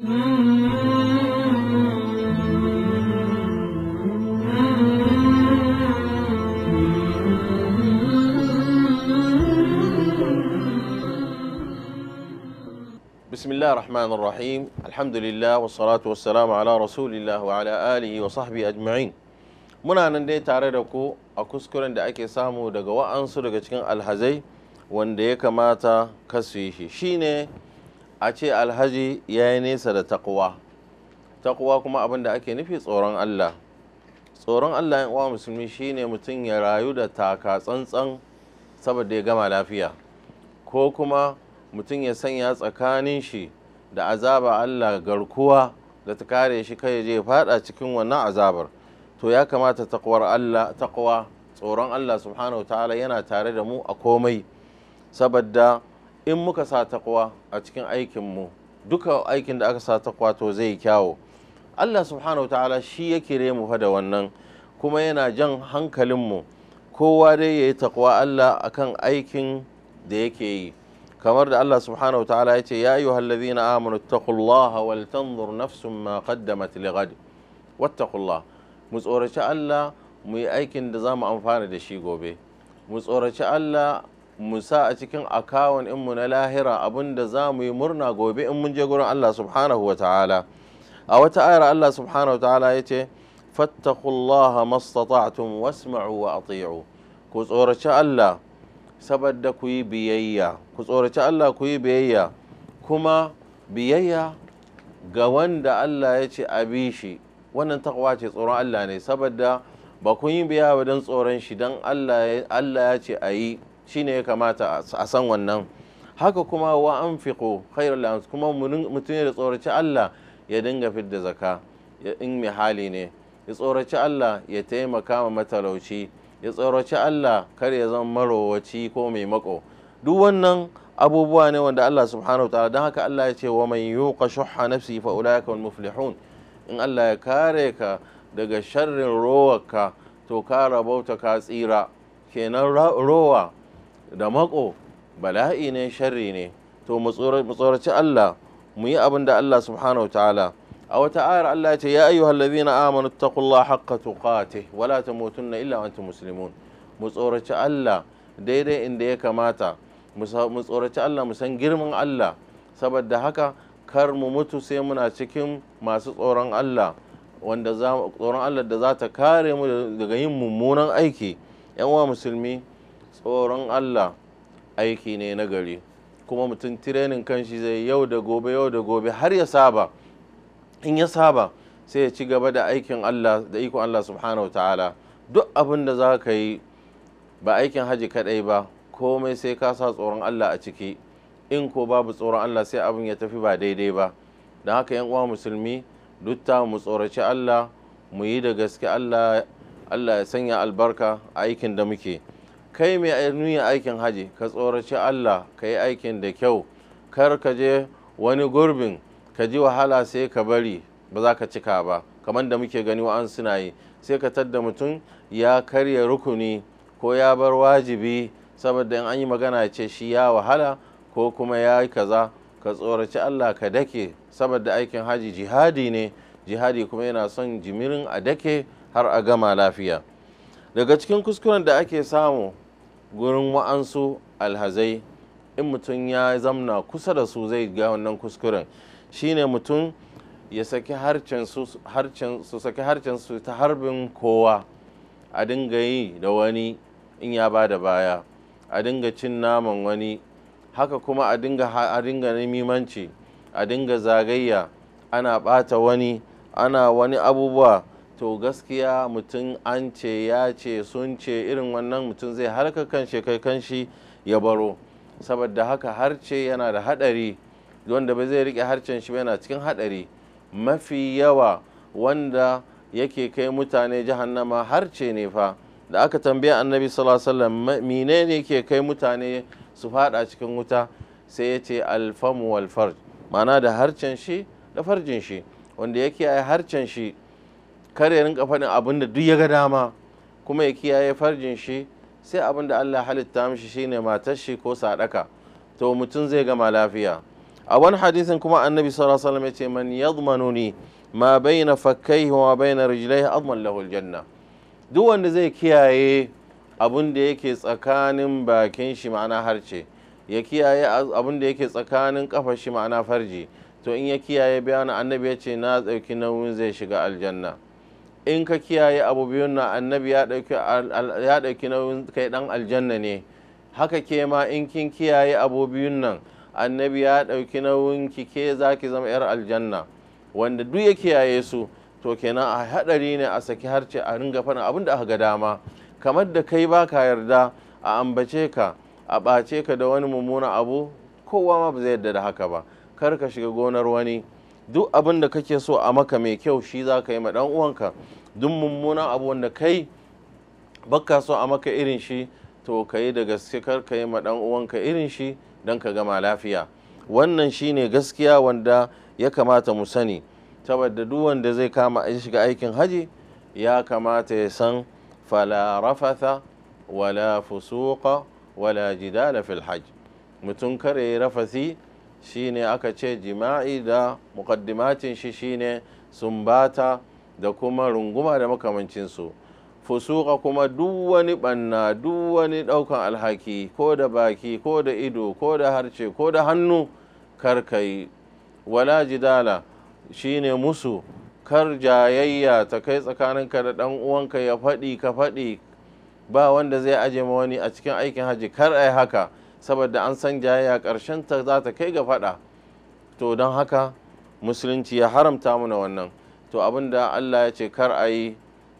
بسم الله الرحمن الرحيم الحمد لله والصلاة والسلام على رسول الله وعلى آله وصحبه أجمعين muna nan dai tare da ku a kuskuren da ake samu daga wa'ansu daga cikin alhazai wanda ya kamata ka su yi shi shine a ce alhaji ya yi nesa da takwa takwa kuma abin da ake nufi tsoron allah tsoron allah uwa musulmi shine mutum ya rayu da taka tsantsan saboda ya gama lafiya ko kuma mutum ya sanya tsakanin shi da azaba allah garkuwa da ta kare shi kai je fada cikin wannan azabar to ya kamata takwar allah takwa tsoron allah subhanahu ta'ala yana tare da mu a komai saboda in muka sa takwa a cikin aikinmu duka aikin da aka sa takwa to zai kyawo Allah subhanahu ta'ala shi ya kire mu fa da wannan kuma yana jan hankalinmu kowa dai ya yi takwa Allah akan aikin da yake yi kamar da Allah subhanahu ta'ala ya ce ya yi hallazina amanu taqullaha wal tanzur nafsun ma qaddamat lighad wattaqullah mu tsoraci Allah mu yi aikin da za mu amfana da shi gobe mu tsoraci Allah musa a cikin akawun inmu na lahira abinda za mu yi murna gobe in mun je gurin Allah subhanahu wa ta'ala a wata ayar Allah subhanahu wa ta'ala ya ce fattakullaha mastata'tum wasma'u wa ati'u ku tsoraci Allah saboda ku yi biyayya ku tsoraci Allah ku yi biyayya kuma biyayya ga wanda Allah ya ce a bi shi wannan takwa ce tsoron Allah ne saboda ba kun yi biya ba don tsoron shi don Allah ya ce a yi shine ya kamata a san wannan haka kuma wa anfiqu khairul lams kuma mutum ya tsoraci Allah ya dinga fidda zaka in mai hali ne ya tsoraci Allah ya taimaka ma matalauci ya tsoraci Allah kar ya zama marowaci ko mai mako duk wannan abubuwa ne wanda Allah subhanahu wa ta'ala don haka Allah ya ce wa man yuqa shuhha nafsi fa ulaika muflihun in Allah ya kare ka daga sharrin rowarka to ka rabauta ka tsira kenan rowa da mako bala'i ne sharri ne to mu tsoraci Allah mu yi abin da Allah subhanahu ta'ala a wata ayar Allah ce ya ayyuhal ladhina amanu taqullaha haqqa tuqatih wa la tamutunna illa wa antum muslimun mu tsoraci Allah daidai inda ya kamata mu tsoraci Allah mu san girman Allah saboda haka kar mu mutu sai muna cikin masu tsoron Allah wanda tsoron Allah da za ta kare mu daga yin mummunan aiki yan wa musulmi tsoron Allah aiki ne na gari kuma mutum tirenin kanshi zai yau da gobe yau da gobe har ya saba in ya saba sai ya ci gaba da aikin Allah da ikon Allah subhanahu wa ta'ala duk abin da za ka yi ba aikin haji kadai ba komai sai ka sa tsoron Allah a ciki in ko babu tsoron Allah sai abin ya tafi ba daidai ba don haka yan uwa musulmi duk ta mu tsoraci Allah mu yi da gaske Allah Allah ya sanya albarka a aikin da muke kai mai niyya aikin haji ka tsoraci Allah ka yi aikin da kyau kar ka je wani gurbin ka ji wahala sai ka bari ba za ka cika ba kamar da muke gani wa'an suna yi sai ka tadda mutum ya karya rukuni ko ya bar wajibi saboda in an yi magana ce shi ya wahala ko kuma ya yi kaza ka tsoraci Allah ka dake saboda aikin haji jihadi ne jihadi kuma yana son jimirin a dake har a gama lafiya daga cikin kuskuren da ake samu gurin wa'ansu alhazai in mutum ya zamna kusa da su zai ga wannan kuskuren shine mutum ya saki harcin su saki su ta harbin kowa a dinga yi da wani in ya ba da baya a dinga cin naman wani haka kuma a dinga a dinga a dinga zagayya ana ɓata wani ana wani abubuwa to gaskiya mutum an ce ya ce sun ce irin wannan mutum zai harka kan kai kanshi ya baro saboda haka harce yana da hadari wanda ba zai rike harcen shi yana cikin haɗari mafi yawa wanda yake kai mutane jahannama harce ne fa da aka tambaya annabi sallallahu alaihi wasallam menene ke kai mutane su fada cikin wuta sai ya ce alfamu ma'ana da harcen shi da farjin shi wanda yake harcen shi kar ya rinka faɗin abin da duk ya ga dama kuma ya kiyaye farjin shi sai abin da Allah halitta mishi shine matar shi ko sadaka to mutum zai gama lafiya a wani hadisin kuma annabi sallallahu alaihi wasallam ya ce man yadmanuni ma baina fakkaihi wa baina rijlaihi adman lahu aljanna duk wanda zai kiyaye abin da yake tsakanin bakin shi ma'ana harce ya kiyaye abin da yake tsakanin kafar shi ma'ana farji to in ya kiyaye bayanin annabi ya ce na tsauki nauyin zai shiga aljanna in ka kiyaye abu biyun na annabi ya ɗauki nauyin kai ɗan aljanna ne haka ke ma in kin kiyaye abu nan annabi ya ɗauki nauyin ki ke za ki zama 'yar aljanna wanda duk ya kiyaye su to kenan a haɗari ne a saki harce a ringa faɗin abin da aka ga dama kamar da kai ba ka yarda a ambace ka a ɓace ka da wani mummuna abu kowa ma ba zai yarda da haka ba kar ka shiga gonar wani duk abin da kake so a maka mai kyau shi za ka yi ma ɗan uwanka duk mummunan abu wanda kai baka so a maka irin shi to ka yi da gaske kar ka yi ma ɗan uwanka irin shi don ka gama lafiya wannan shi ne gaskiya wanda ya kamata mu sani saboda duk wanda zai kama a shiga aikin haji ya kamata ya san fala rafatha wala fusuqa wala jidala fil hajj mutum kare rafasi shine aka ce jima'i da mukaddimacin shi shine sumbata da kuma runguma da makamancinsu fusuka kuma duk wani banna duk wani daukan alhaki ko da baki ko da ido ko da harce ko da hannu karkai wala jidala shine musu kar jayayya ta kai tsakaninka da dan uwanka ya faɗi ka faɗi ba wanda zai aje ma wani a cikin aikin haji kar ai haka saboda an san jayayya ƙarshen ta za ta kai ga faɗa to don haka musulunci ya haramta muna wannan to abin da allah ya ce kar a yi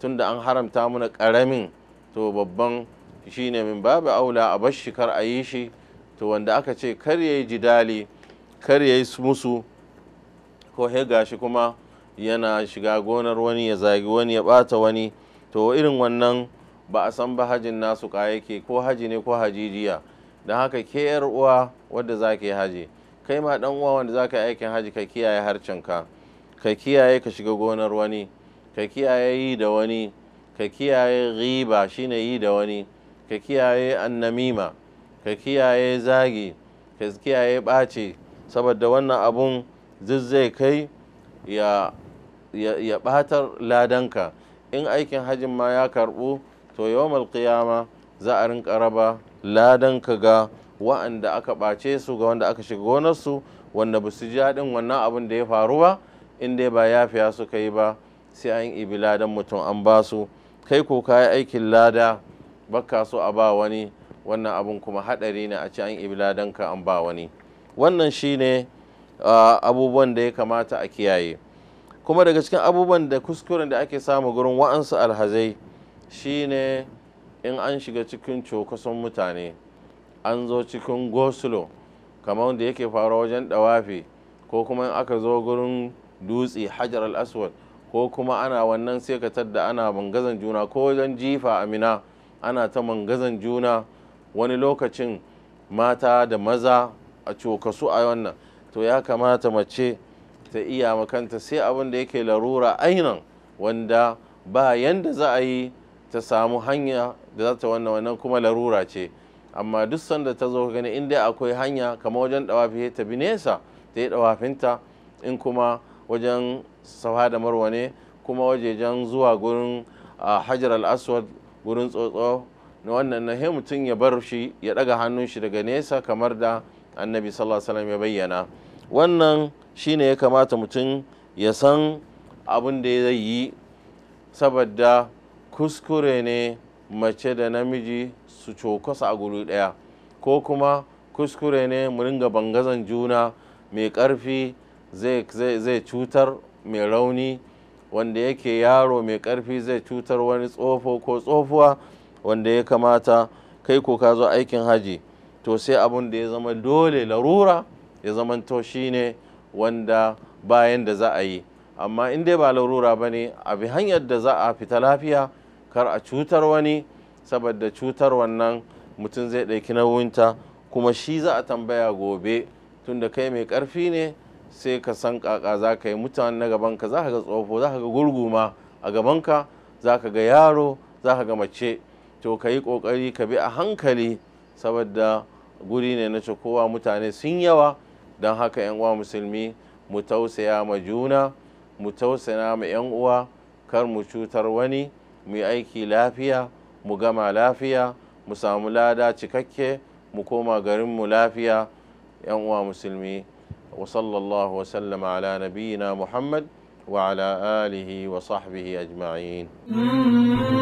tun da an haramta muna ƙaramin to babban shi ne min babu aula a bashi kar a yi shi to wanda aka ce kar ya yi jidali kar ya yi musu ko he gashi kuma yana shiga gonar wani ya zagi wani ya bata wani to irin wannan ba a san ba hajin nasu ka yake ko haji ne ko hajijiya don haka ke yar uwa wadda za ka yi haji kai ma dan uwa wanda za ka yi aikin haji ka kiyaye harcinka ka kiyaye ka shiga gonar wani ka kiyaye yi da wani ka kiyaye riba shine yi da wani ka kiyaye annamima ka kiyaye zagi ka kiyaye bace saboda wannan abun zai kai ya ya ɓatar ladanka in aikin hajin ma ya karɓu to yawmal qiyama za a rinka raba ladan ka ga wa'anda aka ɓace su ga wanda aka shiga gonarsu wanda ba su ji haɗin wannan abin da ya faru ba in dai ba yafiya su yi ba sai an ibi ladan mutum an ba su kai ko ka aikin lada bakka so a ba wani wannan abin kuma haɗari ne a ce an ibi ladan ka an ba wani wannan shine abubuwan da ya kamata a kiyaye kuma daga cikin abubuwan da kuskuren da ake samu gurin wa'ansu alhazai shine in an shiga cikin cokason mutane an zo cikin gosulo kamar da yake fara wajen dawafi ko kuma in aka zo gurin dutse hajar al-aswad ko kuma ana wannan sai ka tadda ana mangazan juna ko wajen jifa amina ana ta mangazan juna wani lokacin mata da maza a cokasu a wannan to ya kamata mace ta iya makanta sai abin da yake larura ainan wanda ba yanda za a yi ta samu hanya da za ta wannan wannan kuma larura ce amma duk sanda ta zo gani in dai akwai hanya kama wajen dawafi ta bi nesa ta yi dawafinta in kuma wajen safa da marwa ne kuma wajejen zuwa gurin hajar al gurin tsotso na wannan na mutum ya bar shi ya daga hannun shi daga nesa kamar da annabi sallallahu ya bayyana wannan shine ya kamata mutum ya san abin da zai yi saboda kuskure ne mace da namiji su cokasa a guri ɗaya ko kuma kuskure ne mu ringa bangazan juna mai ƙarfi zai cutar mai rauni wanda yake yaro mai karfi zai cutar wani tsofo ko tsofuwa wanda ya kamata kai ko ka zo aikin haji to sai abin da ya zama dole larura ya zama shi ne wanda bayan da za a yi amma in dai ba larura ba ne abi hanyar da za a fita lafiya kar a cutar wani saboda cutar wannan mutum zai ɗauki nauyinta kuma shi za a tambaya gobe tunda kai mai ƙarfi ne sai ka san kaka za ka yi mutane na gabanka za ka ga tsofo za ka ga gurguma a gabanka za ka ga yaro za ka ga mace to ka yi ƙoƙari ka bi a hankali saboda guri ne na kowa mutane sun yawa don haka 'yan uwa musulmi mu tausaya ma juna mu tausaya ma 'yan uwa kar mu cutar wani mu yi aiki lafiya mu gama lafiya mu samu lada cikakke mu koma garinmu lafiya yan uwa musulmi wa sallallahu wa sallama ala nabiyyina muhammad wa ala alihi wa sahbihi ajma'in mm -hmm.